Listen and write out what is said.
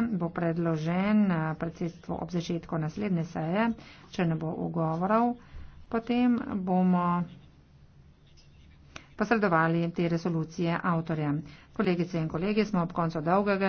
zakon bo predložen eh, predsedstvo ob začetku naslednje seje, če ne bo ugovorov, potem bomo posredovali te resolucije avtorja. Kolegice in kolege, smo ob koncu dolgega leta.